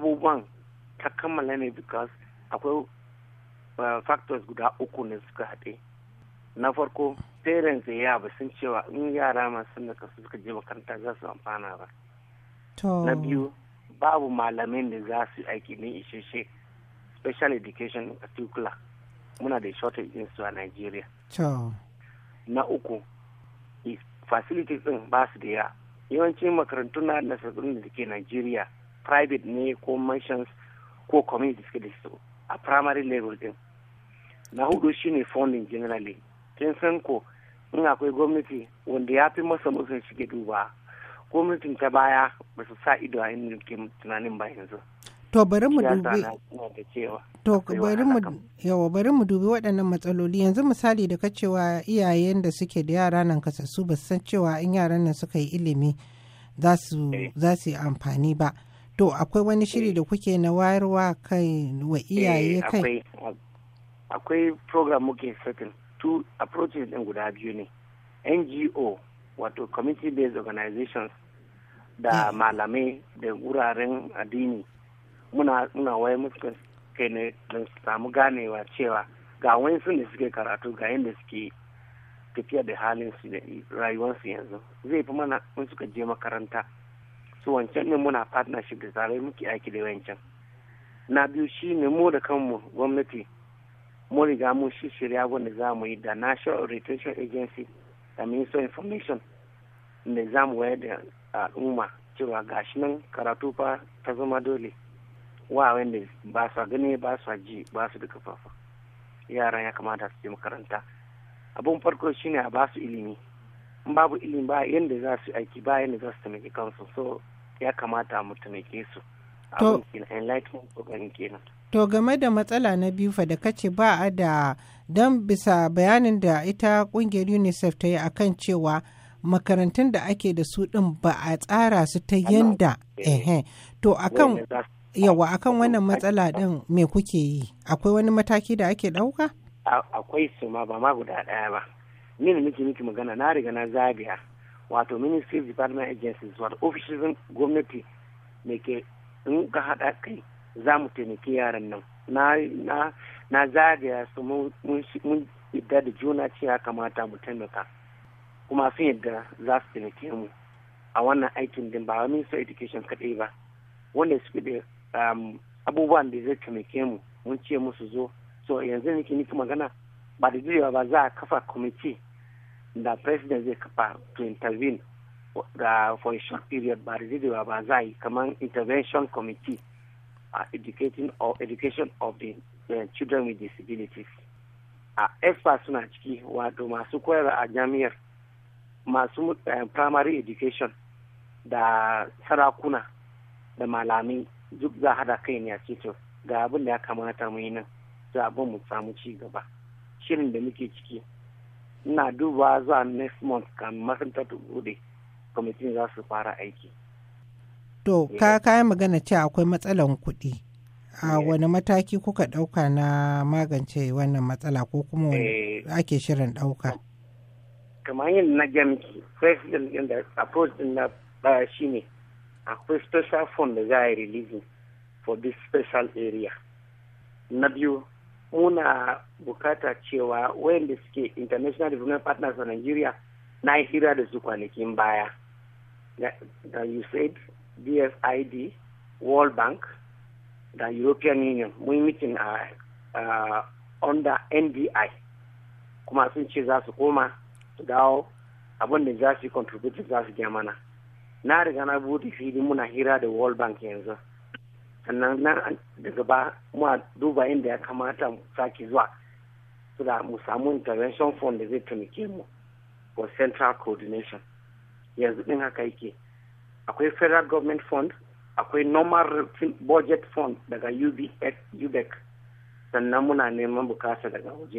abubuwan ta kammala ne because akwai uh, factors guda uku ne suka haɗe na farko parents da yaba sun cewa in yara masu da kasu suka je makaranta za su amfana ba na biyu babu malamai da za su aiki ne isheshe special education in particular muna da shortage din su a Nigeria. Na uku, facilities din ba su da yawa. Yawancin makarantu na da da ke Nigeria private ne ko mansions ko community suke da su a primary level din na hudu shine funding generally kin san ko in akwai gwamnati wanda ya fi masa musu shige duba gwamnatin ta baya ba su sa ido a yin ke tunanin ba yanzu to bari mu dubi to bari mu yawa bari mu dubi waɗannan matsaloli yanzu misali da kacewa iyayen da suke da yara nan kasassu ba san cewa in yaran nan suka yi ilimi za su eh. yi amfani ba To akwai wani shiri da kuke na wayarwa kai wa iyaye eh, kai? Akwai program muke satin two approaches ɗin guda biyu ne. NGO wato community based organizations da mm. malamai da wuraren addini muna muna waye musu kai ne don samu ganewa cewa ga wani sun da suke karatu ga yadda suke tafiya da halin su da rayuwarsu yanzu zai fi mana in suka je makaranta su wancan ne muna partnership da tare muke aiki da wancan na biyu shi ne mu da kanmu gwamnati mu riga mun shi shirya wanda za mu yi da national retention agency da minister information da za mu wayar da al'umma cewa gashi nan karatu fa ta zama dole wa wanda ba su gani ba su ji ba su da kafafa yaran ya kamata su je makaranta abun farko shine a ba su ilimi babu ilimi ba yadda za su aiki ba yadda za su taimaki kansu so ya kamata mu taimake su abin enlightenment program kenan to game da matsala na biyu fa da kace ba a da dan bisa bayanin da ita kungiyar unicef ta yi akan cewa makarantun da ake da su din ba a tsara su ta yanda ehe to akan yawa akan wannan matsala din me kuke yi akwai wani mataki da ake dauka akwai su ma ba ma guda daya ba ni na nake miki magana na riga na zagaya wato ministry of department agencies wato ofishin gwamnati ne ke in ka haɗa kai za mu taimaki yaran nan na zagaya su mun yadda da juna ce ya kamata mu taimaka kuma sun yadda za su taimake mu a wannan aikin din ba ministry education kaɗai ba wanda suke da um, abubuwan da zai taimake mu mun ce musu zo so yanzu nake miki magana ba da jirewa ba za a kafa kwamiti da president zai kafa to intervene da for a short period ba da ba za yi kamar intervention committee a educating or education of the children with disabilities a uh, suna ciki wato masu koyarwa a jami'ar masu uh, primary education da sarakuna da malamai duk za hada kai ne a ceto ga abin da ya kamata mu yi nan za abin mu samu ci gaba shirin da muke ciki ina duba zuwa next month kan makarantar ta bude kwamitin za su fara aiki to ka kayan magana ce akwai matsalan kuɗi a wani mataki kuka ɗauka na magance wannan matsala ko kuma eh. ake shirin ɗauka kamar yin na gamki president din the approach din na shi ne akwai special fund da za a yi releasing for this special area na biyu muna bukata cewa wayanda suke international development partners a nigeria na hira da su kwanakin baya da usaid dfid world bank da european union mun mitin a under ndi kuma sun ce za su koma su dawo abin da za su yi contributive za su mana na riga na bude fili muna hira da world bank yanzu sannan nan daga ba mu duba inda ya kamata mu sake zuwa so da mu samu intervention fund da zai taimake mu for central coordination yanzu din haka yake akwai federal government fund akwai normal budget fund daga UBEC sannan muna neman bukata daga waje